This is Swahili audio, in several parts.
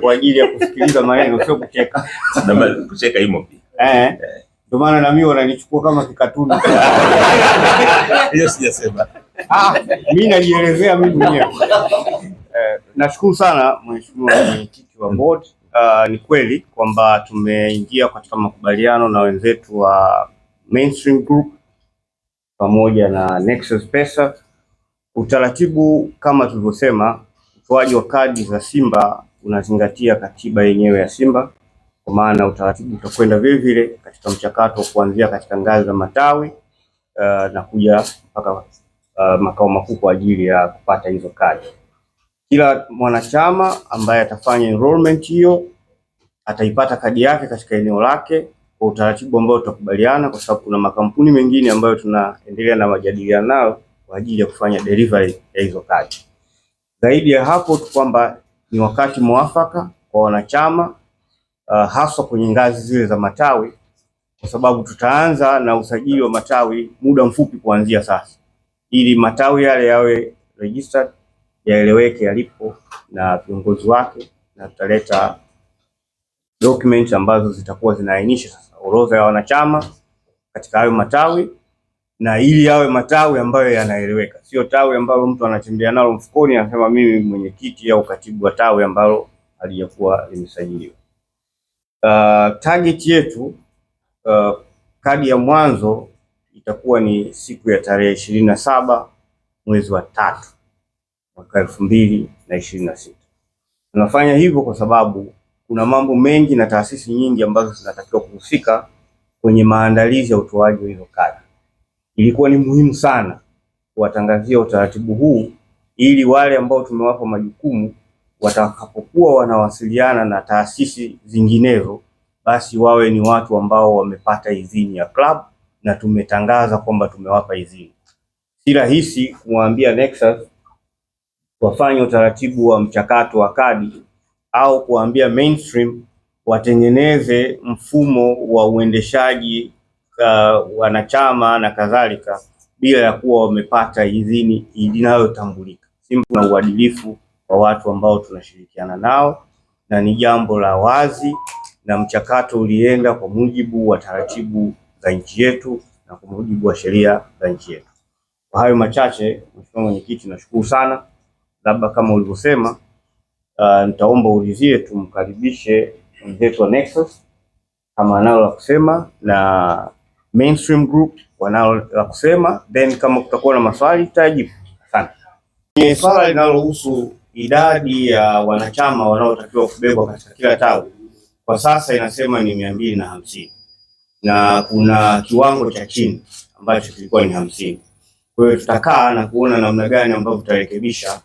kwa ajili ya kusikiliza maneno, sio kucheka. Na Kucheka imo pia eh, eh, ndio maana na mimi wananichukua kama kikatuni. Hiyo sijasema, ah, mimi najielezea mimi mwenyewe. Eh, nashukuru sana mheshimiwa mwenyekiti wa board. Uh, ni kweli kwamba tumeingia katika makubaliano na wenzetu wa Mainstream Group pamoja na Nexus Pesa. Utaratibu kama tulivyosema, utoaji wa kadi za Simba unazingatia katiba yenyewe ya Simba, kwa maana utaratibu utakwenda vile vile katika mchakato kuanzia katika ngazi za matawi uh, na kuja mpaka uh, makao makuu kwa ajili ya kupata hizo kadi. Kila mwanachama ambaye atafanya enrollment hiyo ataipata kadi yake katika eneo lake kwa utaratibu ambao tutakubaliana, kwa sababu kuna makampuni mengine ambayo tunaendelea na majadiliano nayo kwa ajili ya kufanya delivery ya hizo kadi. Zaidi ya hapo kwamba ni wakati mwafaka kwa wanachama uh, haswa kwenye ngazi zile za matawi, kwa sababu tutaanza na usajili wa matawi muda mfupi kuanzia sasa, ili matawi yale yawe registered, yaeleweke yalipo na viongozi wake, na tutaleta documents ambazo zitakuwa zinaainisha sasa orodha ya wanachama katika hayo matawi na ili yawe matawi ambayo yanaeleweka, sio tawi ambalo mtu anatembea nalo mfukoni anasema mimi mwenyekiti au katibu wa tawi ambalo halijakuwa limesajiliwa. Uh, target yetu uh, kadi ya mwanzo itakuwa ni siku ya tarehe ishirini na saba mwezi wa tatu mwaka elfu mbili na ishirini na sita. Tunafanya hivyo kwa sababu kuna mambo mengi na taasisi nyingi ambazo zinatakiwa kuhusika kwenye maandalizi ya utoaji wa hizo kadi ilikuwa ni muhimu sana kuwatangazia utaratibu huu ili wale ambao tumewapa majukumu watakapokuwa wanawasiliana na taasisi zinginezo, basi wawe ni watu ambao wamepata idhini ya club na tumetangaza kwamba tumewapa idhini. Si rahisi kumwambia Nexus wafanye utaratibu wa mchakato wa kadi au kuambia Mainstream watengeneze mfumo wa uendeshaji uh, wanachama na kadhalika bila ya kuwa wamepata idhini inayotambulika. Simba na uadilifu kwa watu ambao tunashirikiana nao, na ni jambo la wazi, na mchakato ulienda kwa mujibu wa taratibu za nchi yetu na kwa mujibu wa sheria za nchi yetu. Kwa hayo machache, Mheshimiwa Mwenyekiti, nashukuru sana. Labda kama ulivyosema, uh, nitaomba ulizie, tumkaribishe mwenzetu wa Nexus kama analo la kusema na Mainstream Group wanao la kusema, then kama kutakuwa na maswali tutajibu. Asante. swala linalohusu idadi ya wanachama wanaotakiwa kubebwa katika kila tawi, kwa sasa inasema ni mia mbili na hamsini na kuna kiwango cha chini ambacho kilikuwa ni hamsini. Kwa hiyo tutakaa na kuona namna gani ambavyo tutarekebisha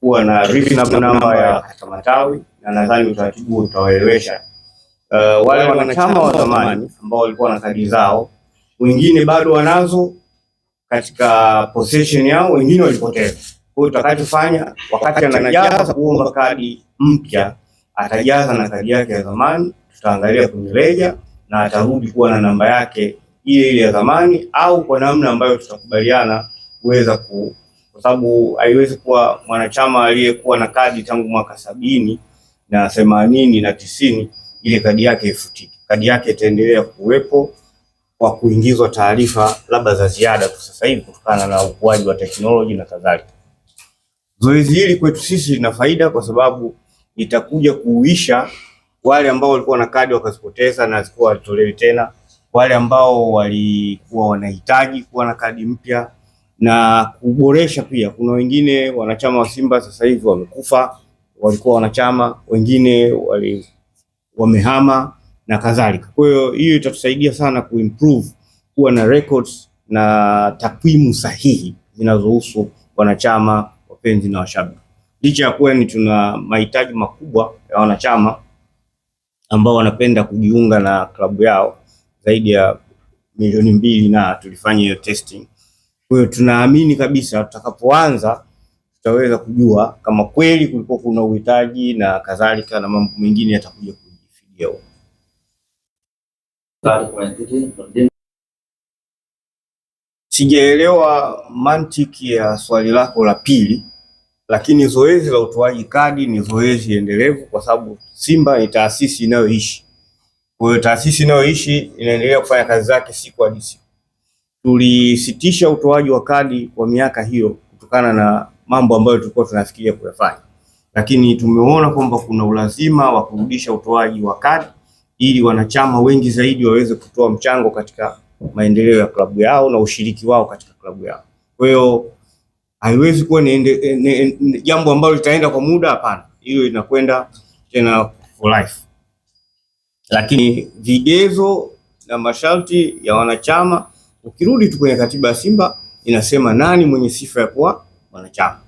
kuwa na reasonable namba ya katika matawi, na nadhani utaratibu utawaelewesha uh, wale wanachama wa zamani ambao walikuwa na kadi zao wengine bado wanazo katika possession yao, wengine walipoteza. Kwa hiyo tutakachofanya, wakati anajaza kuomba kadi mpya, atajaza na kadi yake ya zamani, tutaangalia kwenye reja na atarudi kuwa na namba yake ile ile ya zamani, au kwa namna ambayo tutakubaliana kuweza ku kwa sababu haiwezi kuwa mwanachama aliyekuwa na kadi tangu mwaka sabini na themanini na tisini ile kadi yake ifutike. Kadi yake itaendelea kuwepo wa kuingizwa taarifa labda za ziada tu sasa hivi kutokana na ukuaji wa teknoloji na kadhalika. Zoezi hili kwetu sisi lina faida kwa sababu itakuja kuuisha wale ambao walikuwa na kadi wakazipoteza na zikuwa walitolewi tena, wale ambao walikuwa wanahitaji kuwa na kadi mpya na kuboresha pia. Kuna wengine wanachama wa Simba sasa hivi wamekufa, walikuwa wanachama wengine wali, wamehama na kadhalika. Kwa hiyo hiyo itatusaidia sana kuimprove kuwa na records na takwimu sahihi zinazohusu wanachama, wapenzi na washabiki. Licha ya kuwa ni tuna mahitaji makubwa ya wanachama ambao wanapenda kujiunga na klabu yao zaidi ya milioni mbili na tulifanya hiyo testing. Kwa hiyo tunaamini kabisa tutakapoanza tutaweza kujua kama kweli kulikuwa kuna uhitaji na kadhalika, na mambo mengine yatakuja kujifidia huko. Sijaelewa mantiki ya swali lako la pili, lakini zoezi la utoaji kadi ni zoezi endelevu, kwa sababu Simba ni taasisi inayoishi. Kwa hiyo taasisi inayoishi inaendelea kufanya kazi zake siku hadi siku. Tulisitisha utoaji wa kadi kwa miaka hiyo kutokana na mambo ambayo tulikuwa tunafikiria kuyafanya, lakini tumeona kwamba kuna ulazima wa kurudisha utoaji wa kadi ili wanachama wengi zaidi waweze kutoa mchango katika maendeleo ya klabu yao na ushiriki wao katika klabu yao. Kwa hiyo haiwezi kuwa ni jambo ambalo litaenda kwa muda, hapana. Hiyo inakwenda tena for life. Lakini vigezo na masharti ya wanachama, ukirudi tu kwenye katiba ya Simba inasema nani mwenye sifa ya kuwa mwanachama,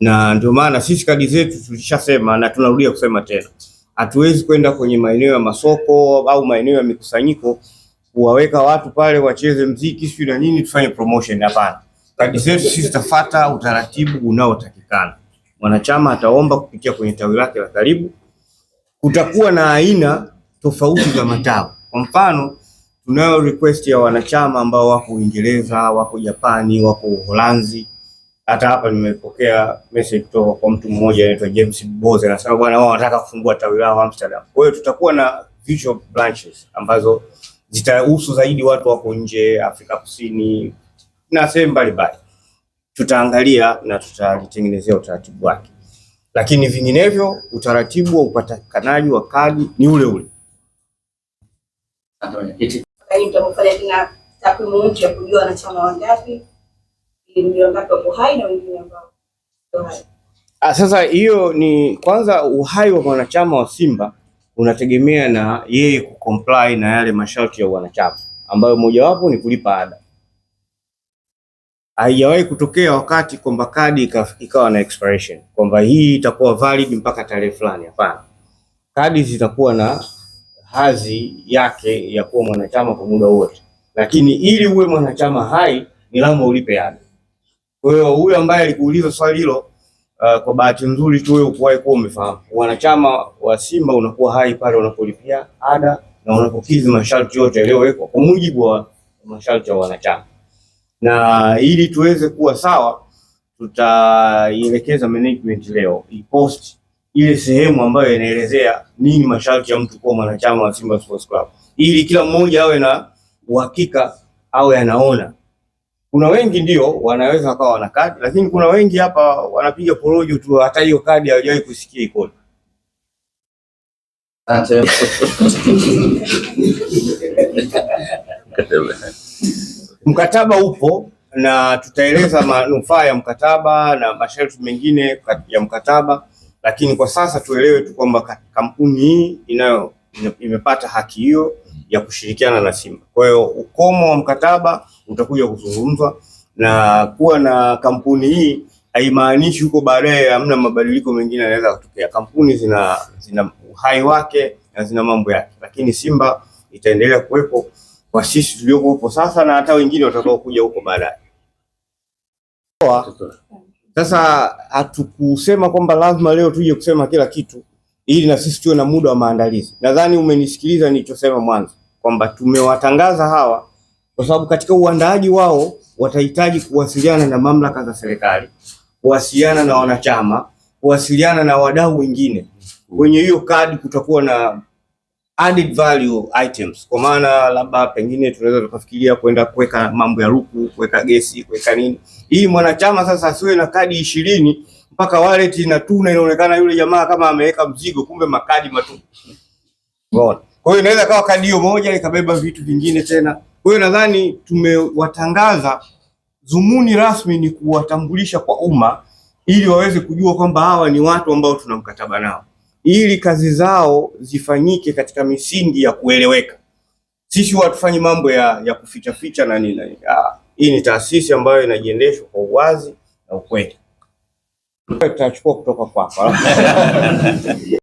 na ndio maana sisi kadi zetu tulishasema na tunarudia kusema tena hatuwezi kwenda kwenye maeneo ya masoko au maeneo ya mikusanyiko kuwaweka watu pale wacheze mziki sio na nini, tufanye promotion. Hapana, kadi zetu sisi tafata utaratibu unaotakikana. Mwanachama ataomba kupitia kwenye tawi lake la karibu. Kutakuwa na aina tofauti za matawi. Kwa mfano, tunayo request ya wanachama ambao wako Uingereza, wako Japani, wako Uholanzi hata hapa nimepokea message kutoka kwa mtu mmoja anaitwa James Boze, anasema bwana, wao wanataka kufungua tawi lao Amsterdam. Kwa hiyo tutakuwa na virtual branches ambazo zitahusu zaidi watu wako nje, Afrika Kusini na sehemu mbalimbali, tutaangalia na tutalitengenezea utaratibu wake, lakini vinginevyo utaratibu wa upatikanaji wa kadi ni ule ule. Takwimu ya kujua wanachama wangapi Ah, sasa hiyo ni kwanza, uhai wa mwanachama wa Simba unategemea na yeye kucomply na yale masharti ya wanachama, ambayo mojawapo ni kulipa ada. Haijawahi kutokea wakati kwamba kadi ikawa na expiration kwamba hii itakuwa valid mpaka tarehe fulani. Hapana, kadi zitakuwa na hadhi yake ya kuwa mwanachama kwa muda wote, lakini ili uwe mwanachama hai ni lazima ulipe ada. Kwa hiyo huyo ambaye alikuuliza swali hilo uh, kwa bahati nzuri tu wewe ukuwahi kuwa umefahamu. Wanachama wa Simba unakuwa hai pale unapolipia ada na unapokidhi masharti yote yaliyowekwa kwa mujibu wa masharti ya wanachama. Na ili tuweze kuwa sawa, tutaielekeza management leo ipost ile sehemu ambayo inaelezea nini masharti ya mtu kuwa mwanachama wa Simba Sports Club, ili kila mmoja awe na uhakika, awe anaona kuna wengi ndio wanaweza wakawa wana kadi, lakini kuna wengi hapa wanapiga porojo tu, hata hiyo kadi hawajawahi kusikia iko. Mkataba upo na tutaeleza manufaa ya mkataba na masharti mengine ya mkataba, lakini kwa sasa tuelewe tu kwamba kampuni hii inayo imepata haki hiyo ya kushirikiana na Simba. Kwa hiyo ukomo wa mkataba utakuja kuzungumzwa, na kuwa na kampuni hii haimaanishi huko baadaye hamna mabadiliko mengine yanaweza kutokea. Kampuni zina, zina uhai wake na zina mambo yake, lakini Simba itaendelea kuwepo kwa sisi huko sasa na hata wengine watakao kuja huko baadaye. Sasa hatukusema kwamba lazima leo tuje kusema kila kitu ili na sisi tuwe na muda wa maandalizi. Nadhani umenisikiliza nilichosema mwanzo kwamba tumewatangaza hawa kwa sababu katika uandaaji wao watahitaji kuwasiliana na mamlaka za serikali, kuwasiliana na wanachama, kuwasiliana na wadau wengine. Kwenye hiyo kadi kutakuwa na added value items, kwa maana labda pengine tunaweza tukafikiria kwenda kuweka mambo ya ruku, kuweka gesi, kuweka nini, ili mwanachama sasa asiwe na kadi ishirini mpaka wallet tuna, inaonekana yule jamaa kama ameweka mzigo, kumbe makadi matupu. Unaona? Kwa hiyo inaweza kawa kadi hiyo moja ikabeba vitu vingine tena. Kwa hiyo nadhani tumewatangaza, dhumuni rasmi ni kuwatambulisha kwa umma ili waweze kujua kwamba hawa ni watu ambao tuna mkataba nao, ili kazi zao zifanyike katika misingi ya kueleweka. Sisi hatufanyi mambo ya, ya kuficha ficha na nini. Ah, hii ni taasisi ambayo inajiendeshwa kwa uwazi na ukweli tutachukua kutoka kwako.